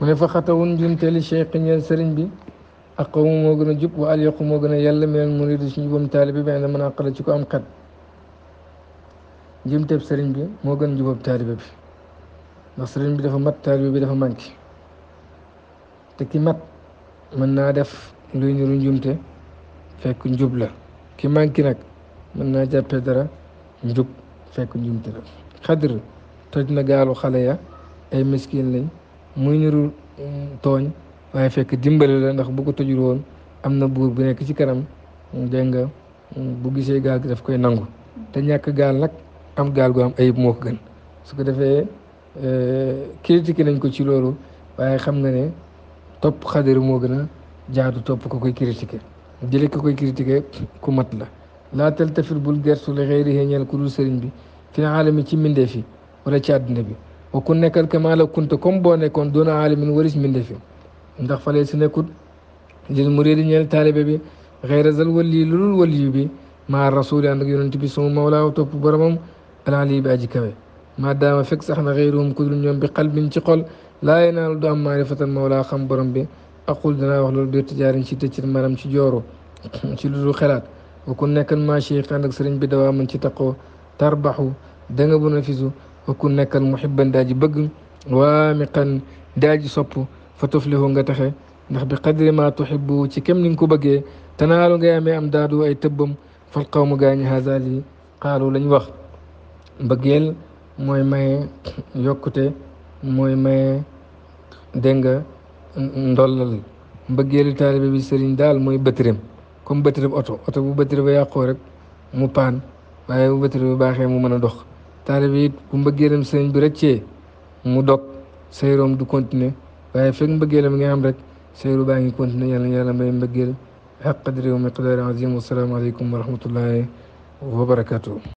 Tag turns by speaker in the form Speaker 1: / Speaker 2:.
Speaker 1: mu ne fa xatawun njumteeli cheikh ñeel sëriñ bi ak xaw moo gën a jub wa al yaqu moo gën a yàlla mel mu ridi si njubam taalibi bi mën a xala ci ko am xat njumteeb sëriñ bi moo gën njubab taalibe bi ndax sëriñ bi dafa mat taalibe bi dafa manqué te ki mat mën naa def luy niru njumte fekk njub la ki manqué nag mën naa jàppee dara njub fekk njumte la xadr toj na gaalu xale ya ay miskin lañ muy niru mm, tooñ waaye fekk dimbali la ndax bu ko tojul woon am na buur bu nekk ci kanam mm, dégg nga mm, bu gisee gaal gi daf koy nangu te ñàkk gaal nag am gaal gu am ayib moo ko gën su ko defee euh, critiqué nañ ko ci loolu waaye xam nga ne topp xadar moo gën a jaadu topp ko koy critiqué jële ko koy critiqué ku mat la laa taltafit bul gertu li xëy ri ñeel ku dul sëriñ bi fi aalami ci mbindeef yi wala ci àdduna bi وكن نكال كما لو كنت كومبو نكون دون عالم ورش من دفي ندخ فلي سنكوت جل مريد نيل طالب بي غير زل ولي لول ولي بي مع الرسول عند يونت بي سو مولا او توب برمم انا باجي كما ما دام فيك صحنا غيرهم كل نيوم بقلب تي لا ينال دو معرفه مولا خم برم بي اقول دنا واخ لول بير تجار شي تيتير مرام شي جورو شي لول خلات وكن نكن ماشي خاندك سرين بي دوام شي تقو تربحو دنا بنفيزو wa kun nekkal muhibban daa ji bëgg waamiqan daa ji sopp fa tuflihu nga texe ndax bi qadri ma tuhibbu ci kem ni nga ko bëggee tanaalu ngay amee am daadu ay tëbbam fal qawmu gaañi haza li qaalu lañ wax mbëggeel mooy maye yokkute mooy maye dégg nga ndollal mbëggeelu taalibe bi sëriñ daal mooy bëtërëm comme bëtërëm oto oto bu bëtërë ba yàqoo rek mu paan waaye bu bëtërë ba baaxee mu mën a dox taalibe it bu mbëggeelam sëriñ bi cee mu dog sayroom du continuer waaye fekk mbëggeelam nga am rek sayru baa ngi continuer yàlla yàlla may mbëggeel xaq qadri wa miqdaari azim wasalaamualeykum wa rahmatullahi wa barakatuh